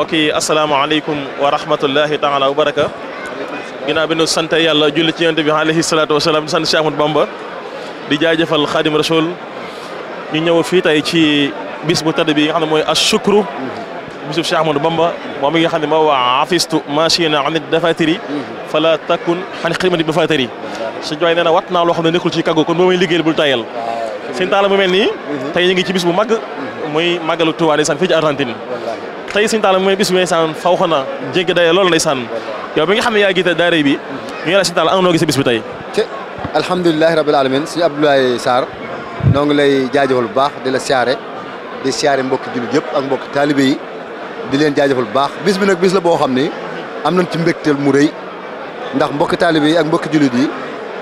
mbokk yi asalaamaaleykum wa rahmatullahi taala wa baraka ginnaaw bi nu sant yàlla julli ci bi alayhi salaatu wa salaam di sant Cheikh Ahmad Bamba di jaajëfal xaadim ñu ñëw fii tey ci bis bu tedd bi nga xam ne mooy ashukru bisub Cheikh Ahmad Bamba moom mi nga xam ne moo waa afistu machina anit dafatiri fala takun xan xidmati bi fatiri suñ waay nee na wat naa loo xam ne nekkul ci kaggu kon boo may liggéeyal bul tayal seen taala mu nii tey ñu ngi ci bis bu mag mooy màggalu Tuubaa san sant fii ci Argentine tey suñu taala mooy bis bi ndeysaan faw xanaa jéggi daye loolu ndeysaan yow bi nga xam ne yaa jiite daara bi ñu ngi la suñu taala am noo gisee bis bi tey ci alhamdulilahi rabil alamin suñu Abdoulaye Sarr noo lay jaajëfal bu baax di la siyaare di siyaare mbokki jullit yëpp ak mbokki taalibe yi di leen jaajëfal bu baax bis bi nag bis la boo xam ni am nañ ci mbégteel mu rey ndax mbokki taalibe yi ak mbokki jullit yi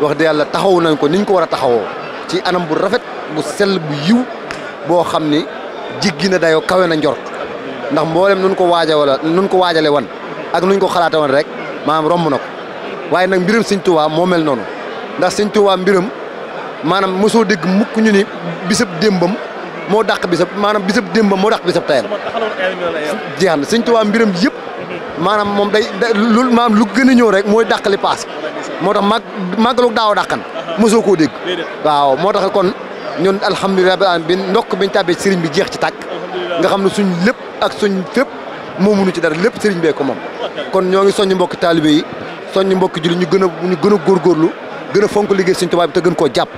wax dëgg yàlla taxawu nañ ko niñ ko war a taxawoo ci anam bu rafet bu sell bu yiw boo xam ni jiggi na dayoo kawe na njort ndax mboolem nun ko waaja wala nun ko waajale wan ak nuñ ko xalaate woon rek maanaam romb na ko waaye nag mbirum Sëñ Tuubaa moo mel noonu ndax Sëñ Tuubaa mbirum maanaam mosoo dégg mukk ñu ni bisab démbam moo dàq bisab maanaam bisab démbam moo dàq bisab tayam jeex na Sëñ mbiram yëpp maanaam moom day lu maanaam lu gën a ñëw rek mooy dàq li paas moo tax màgg màggalu daaw dàqan mosoo koo dégg waaw moo tax kon ñun alhamdulilah bi ndokk biñ tàbbee sëriñ bi jeex ci tàkk nga xam ne suñ lépp ak suñ fépp moo mënu ci dara lépp sëriñ bee ko moom kon ñoo ngi soñ mbokki taalibe yi soññ mbokki julli ñu gën a ñu gën a góorgóorlu gën fonk liggéey suñ Tuubaa bi te gën koo jàpp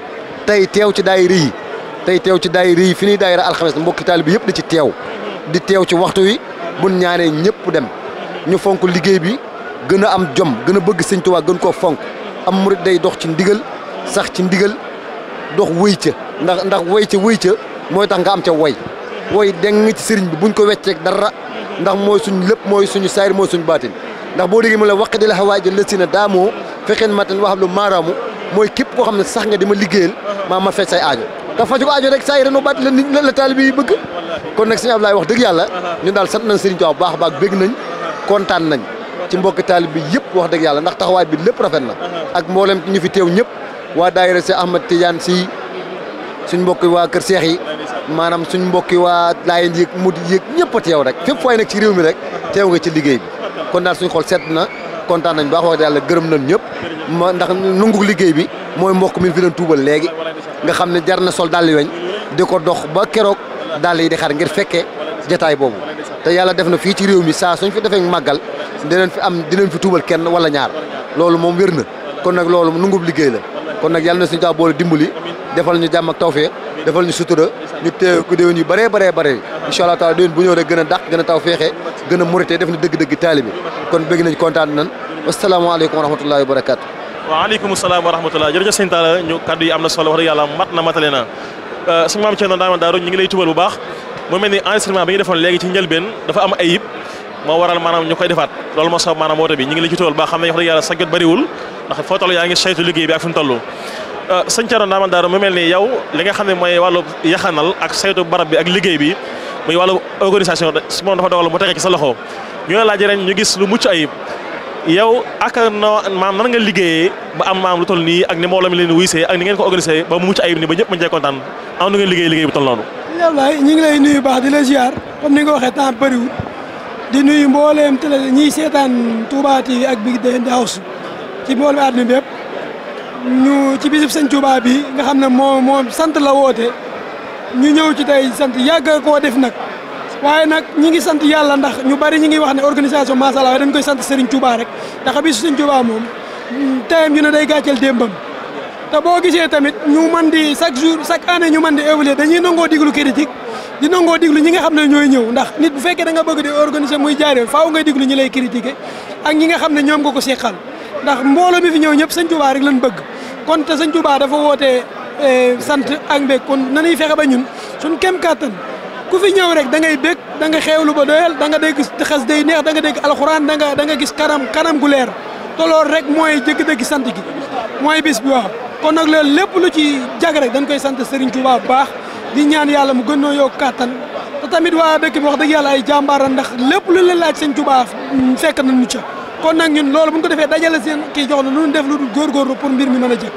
tey teew ci daayira yi tey teew ci daayira yi fi ñuy daayira alxames mbokki taalibe yëpp di ci teew di teew ci waxtu wi buñ ñaanee ñëpp dem ñu fonk liggéey bi gën a am jom gën a bëgg sëñ Tuubaa gën koo fonk am murit day dox ci ndigal sax ci ndigal dox wëy ca ndax ndax wëy ca wëy mooy tax nga am ca woy wooy deng ci sëriñ bi buñ ko wecceek dara ndax mooy suñ lépp mooy suñu saayir mooy suñu baatin ndax boo déggee mu la waqti la xawaaji lësi na daamoo fexeen matan waxam lu maaraamu mooy képp koo xam ne sax nga di ma liggéeyal maa ma faj say aajo te faju ko aajo rek saa yi reno baat la nit la taalibe yi bëgg kon nag sëñ Abdoulaye wax dëgg yàlla ñun daal sant nañ sëriñ Tuubaa bu baax baax bég nañ kontaan nañ ci mbokki taalib bi yëpp wax dëgg yàlla ndax taxawaay bi lépp rafet na ak mboolem ñu fi teew ñëpp waa daayira si Ahmad Tidiane si suñ mbokki waa kër seex yi maanaam suñ mbokki waa laayeen yéeg muti yéeg ñëpp a teew rek fépp fooy nekk ci réew mi rek teew nga ci liggéey kon daal suñ xool seet na kontaan nañ baax wax dëgg gërëm nañ ñëpp ma ndax liggéey bi mooy mbokk mi fi tuubal léegi nga xam ne jar na sol dal weñ di ko dox ba keroog dàll yi di xar ngir fekkee jataay boobu te yàlla def na fii ci réew mi saa suñ fi defee màggal dinañ fi am dinañ fi tuubal kenn wala ñaar loolu moom wér na kon nag loolu nungub liggéey la kon nag yàlla na suñu boole dimbali defal ñu jàmm taw tawfeex defal ñu sutura ñu teew ku déwén yu bëree bëree bëri incha allah taala déwén bu ñëw rek gën a dàq gën a taw feexe gën a murite def na dëgg-dëgg taalibi kon bëgg nañ kontaan nan wax dëgg mat na matale na euh, sëñ maam Thierno Ndaama Daaru ñu ngi lay tubal bu baax mu mel ni enregistrement bi ñu defaat loolu moo sabab maanaam woote bi ñu ngi lay ci tubal baax xam ne wax dëgg yàlla sa jot bëriwul ndax foo toll yaa ngi saytu liggéey bi ak fu mu toll Euh, sëñ Thierno Ndamal Daara mu mel ni yow li nga xam ne mooy wàllu yaxanal ak saytu barab bi ak liggéey bi muy wàllu organisation si moom dafa dogal mu tege ci sa loxo ñu la laaj ren ñu gis lu mucc ayib yow ak noo maam nan nga liggéeyee ba am maam lu toll nii ak ni mbooloo mi leen wuysee ak ni ngeen ko organisé ba mu mucc ayib nii ba ñëpp mën cee am na ngeen liggéey liggéey bu toll noonu. ñu ngi lay nuyu baax di la ziar comme ni nga waxee temps bëriwul ñu ci bi sëñ Touba bi nga xam ne moo moom sant la woote ñu ñëw ci tey sant yàgg koo def nag waaye nag ñi ngi sant yàlla ndax ñu bari ñi ngi wax ne organisation masala dañ koy sant Serigne Touba rek ndax bisu sëñ Touba moom teyam ñu ne day gàcceel démbam te boo gisee tamit ñu man di chaque jour chaque année ñu mën di évoluer dañuy nangoo diglu critique di nangoo diglu ñi nga xam ne ñooy ñëw ndax nit bu fekkee da nga bëgg di organiser muy jaaree faaw ngay diglu ñi lay critiquer ak ñi nga xam ne ñoom nga ko seqal ndax mbooloo mi fi ñëw ñëpp sëñ Touba rek lañ bëgg kon te sëñ Touba dafa woote eh, sant ak mbég kon nanuy fexe ba ñun suñ kem kàttan ku fi ñëw rek dangay ngay bég da nga xeewlu ba doyal da nga dégg xas day neex danga nga dégg alxuraan da nga gis kanam kanam gu leer te loolu rek mooy jëkk dëgg sant gi mooy bis bi waaw kon nag loolu lépp lu ci jag rek dañ koy sant Serigne Touba bu baax di ñaan yàlla mu gën noo yokk kàttan te tamit waa dëkk bi wax dëgg yàlla ay jàmbaara ndax lépp lu leen laaj sëñ Touba fekk nañu ca kon nag ñun loolu bu ñu ko defee dajale seen kii jox na lu def lu dul góorgóorlu pour mbir mi mën a jëkk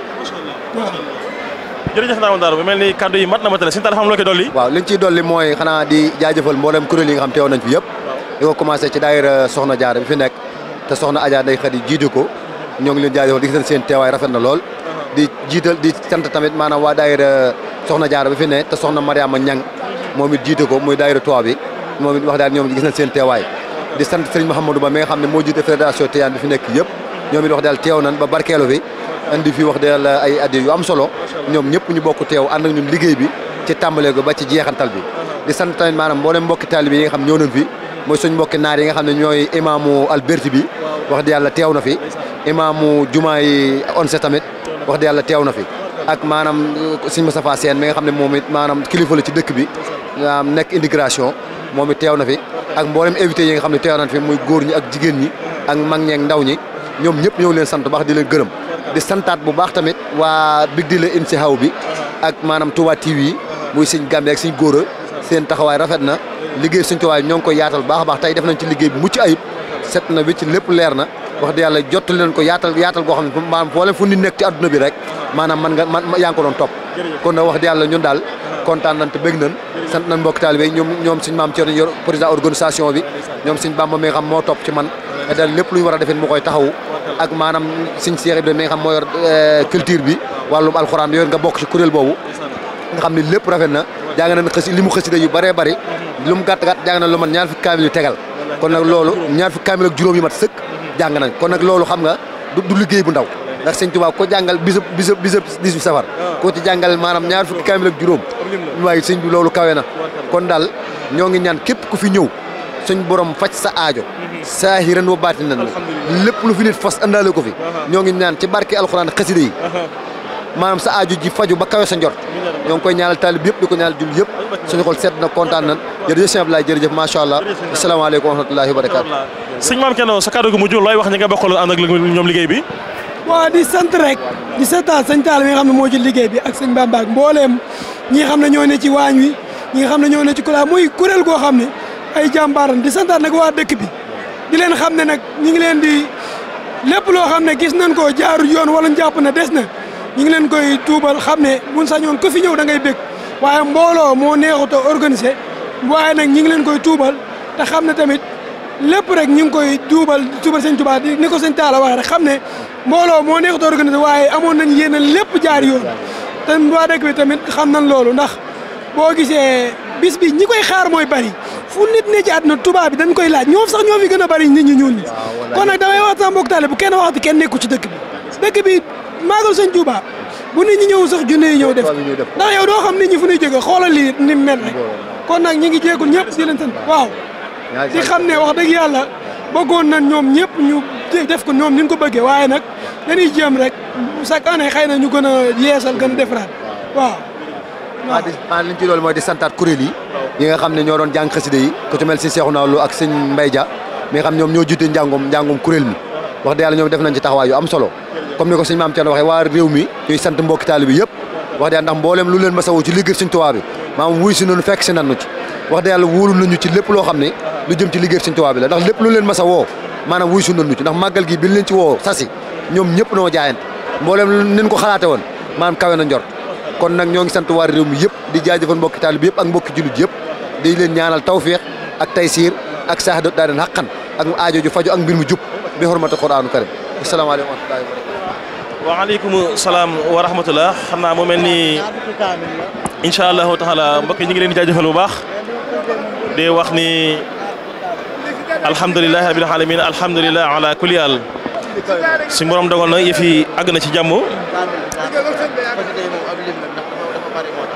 waaw jërëjëf naa mel ni kaddu yi mat na matale suñu taal xam loo koy dolli waaw liñ ciy dolli mooy xanaa di jaajëfal mboolem kuréel yi nga xam teew nañ fi yëpp di ko commencé ci daayira soxna jaara bi fi nekk te soxna ajaar day xadi jiitu ko ñoo ngi leen jaajëfal di seen teewaay rafet na lool uh-huh. di jiital di sant tamit maanaam waa daayira soxna jaara bi fi nekk te soxna Mariama Ñang moom it jiitu ko muy daayira Tuubaa bi moom it wax daal ñoom gis nañ seen teewaay di sant sëriñ Mouhamadou ma mi nga xam ne moo jiite fédération Tidiane bi fi nekk yëpp ñoom it wax dëgg teew nan ba barkeelu fi fi wax dëgg ay addi yu am solo ñoom ñëpp ñu bokk teew ànd ak ñun liggéey bi ci tàmbalee ko ba ci jeexantal bi di sant tamit maanaam mboolem mbokki taalibe yi nga xam ñëw nañ fi mooy suñ mbokki naar yi nga xam ne ñooy imaamu Alberti bi wax dëgg yàlla teew na fi imaamu jumaa yi onse tamit wax dëgg yàlla teew na fi ak maanaam sëñ Moustapha Sène mi nga xam ne moom it maanaam kilifa la ci dëkk bi nekk intégration moom it teew na fi ak mboolem invité yi nga xam ne teew na fi muy góor ñi ak jigéen ñi ak mag ñeeg ndaw ñi ñoom ñëpp ñoo leen sant baax di leen gërëm di santaat bu baax tamit waa Big Deal Imsihou bi ak maanaam Touba TV yi muy sëñ Gambe ak sëñ Góora seen taxawaay rafet na liggéey suñ tuwaay ñoo ngi koy yaatal baax a baax tey def nañ ci liggéey bi mucc ayib set na bi lépp leer na wax di yàlla jottali leen ko yaatal yaatal goo xam ne maanaam foo leen fu ni nekk ci adduna bi rek maanaam man nga man yaa topp kon na wax di yàlla ñun daal kontaan nañ te bég nañ sant nañ mbokk taalibe ñoom ñoom suñ maam Thierno yor président organisation bi ñoom suñ Bamba mi nga xam moo topp ci man te daal lépp lu ñu war a mu koy taxawu ak maanaam suñ Cheikh Ibrahima mi nga xam moo yor euh, culture bi wàllum alxuraan bi nga bokk ci kuréel boobu nga xam ne lépp rafet na jàng nañ xës li mu xësida yu bëree bëri lu mu gàtt gàtt jàng nañ lu mat ñaar fukki kaamil yu tegal kon nag loolu ñaar fukki kaamil ak juróom yu mat sëkk jàng nañ kon nag loolu xam nga du liggéey bu ndaw ndax sëñ Tuubaa ko jàngal bisub bisub bisub 18 safar ah. ko ci jàngal maanaam ñaar fukki kaamil ak juróom waaye sëñ bi loolu kawe na kon daal ñoo ngi ñaan képp ku fi ñëw suñ borom faj sa aajo mhm. saahiran wa baatinan lépp lu fi nit fas àndaale ko fi uh-huh. ñoo ngi ñaan ci barke alxuraan xasida yi uh-huh. maanaam sa aaju ji faju ba kawe sa njort ñoo ngi koy ñaanal taalib yëpp di ko ñaanal jul yëpp suñu xol sedd na kontaan nan jërëjëf sëñ Abdoulaye jërëjëf macha allah asalaamaaleykum wa rahmatullahi wa barakaatu sëñ maam Kenno ñoom liggéey bi waaw di sant rek di santaat sëñ Talla nga xam ne moo ci liggéey bi ak sëñ Bamba ak mbooleem ñi xam ne ñoo ne ci waañ wi ñi nga xam ne ñoo ne ci kulaa muy kuréel goo xam ne ay jàmbaaran di santaat nag waa dëkk bi di leen xam ne nag ñi ngi leen di lépp loo xam ne gis nañ ko jaarul yoon wala ñu jàpp na des na ñi ngi leen koy tuubal xam ne buñ sañoon ko fi ñëw da ngay bég waaye mbooloo moo neexut a organisé waaye nag ñi ngi leen koy tuubal te xam ne tamit lépp rek ñu ngi koy duubal suba sëñ Tuubaa di ni ko sëñ Taala waxee rek xam ne mbooloo moo ne organisé waaye amoon nañ yéen a lépp jaar yoon te waa dëkk bi tamit xam nañ loolu ndax boo gisee bis bi ñi koy xaar mooy bari fu nit ne ci àdduna tubaab bi dañ koy laaj ñoom sax ñoo gën a bari nit ñi ñuul ñi kon nag damay wax sama taale bu kenn waxati kenn nekku ci dëkk bi dëkk bi maagal sëñ Tuubaa bu nit ñi ñëw sax junne yi ñëw def ndax yow doo xam nit ñi fu xoolal lii ni mu mel rek kon nag ñi ngi jéegul ñëpp di leen waaw di xam ne wax dëgg yàlla bëggoon na ñoom ñëpp ñu def ko ñoom ni ñu ko bëggee waaye nag dañuy jéem rek chaque année xëy na ñu gën a yeesal gën a defaraat waaw. waaw maa liñ ci mooy di santaat kuréel yi. yi nga xam ne ñoo doon jàng xasida yi ku ci mel si Cheikhouna Lo ak sëñ Mbaye Dia mi nga xam ñoom ñoo jiite njàngum njàngum kuréel mi wax dëgg yàlla ñoom def nañ ci taxawaay yu am solo comme ni ko sëñ maam Thierno waxee waa réew mi ñuy sant mbokki taalibe bi yëpp wax dëgg yàlla mboolem lu leen ma sawoo ci liggéey sëñ Tuubaa bi fekk si nannu ci wax da yàlla wóolu nañu ci lépp loo xam ne lu jëm ci liggéey Sëñ Tuubaa bi ndax lépp lu leen mas a woo maanaam wuy su nañu ci ndax màggal gi bi leen ci woo sasi ñoom ñëpp noo jaayante mboolem nin ko xalaate woon maanaam kawe na njort kon nag ñoo ngi sant waa réew mi yëpp di jaajëfal mbokki taalibe yëpp ak mbokki jullit yëpp di leen ñaanal tawfiix ak taysiir ak saahadat daa den xaqan ak aajo ju faju ak mbir mu jub bi xormati quraanu karim asalaamaaleykum waaleykum salaam wa rahmatullah xam naa mu mel ni incha allahu taala mbokk yi ñu ngi leen jaajëfal bu baax di wax ni alhamdulilah rabbil alamin alhamdulilah ala kulli al si borom dogal na yëf àgg na ci jàmm.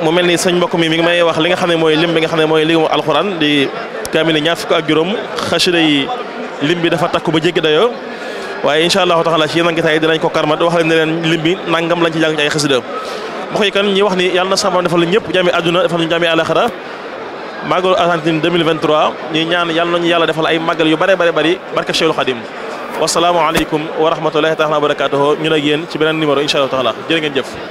mu mel ni sëñ mbokk mi mi ngi may wax li nga xam ne mooy lim bi nga xam ne mooy limu alxuraan di kaamil ñaar fukk ak juróom yi lim bi dafa takku ba jéggi dayoo waaye incha allahu taala ci yeneen gitaay yi dinañ ko karmat wax leen ne leen lim nangam lañ ci jàng ci xasida mbokk kan ñi wax ni yàlla na sama defal ñëpp jàmmi àdduna defal ñu jàmmi àlaxira màggalu Argentine 2023 ñuy ñaan yàlla nañu yàlla defal ay màggal yu bare bare bari barke Cheikhul Khadim wasalaamualeykum wa rahmatullahi taala wa barakatuhu ñun ak ci beneen numéro incha allah taala jërë ngeen jëf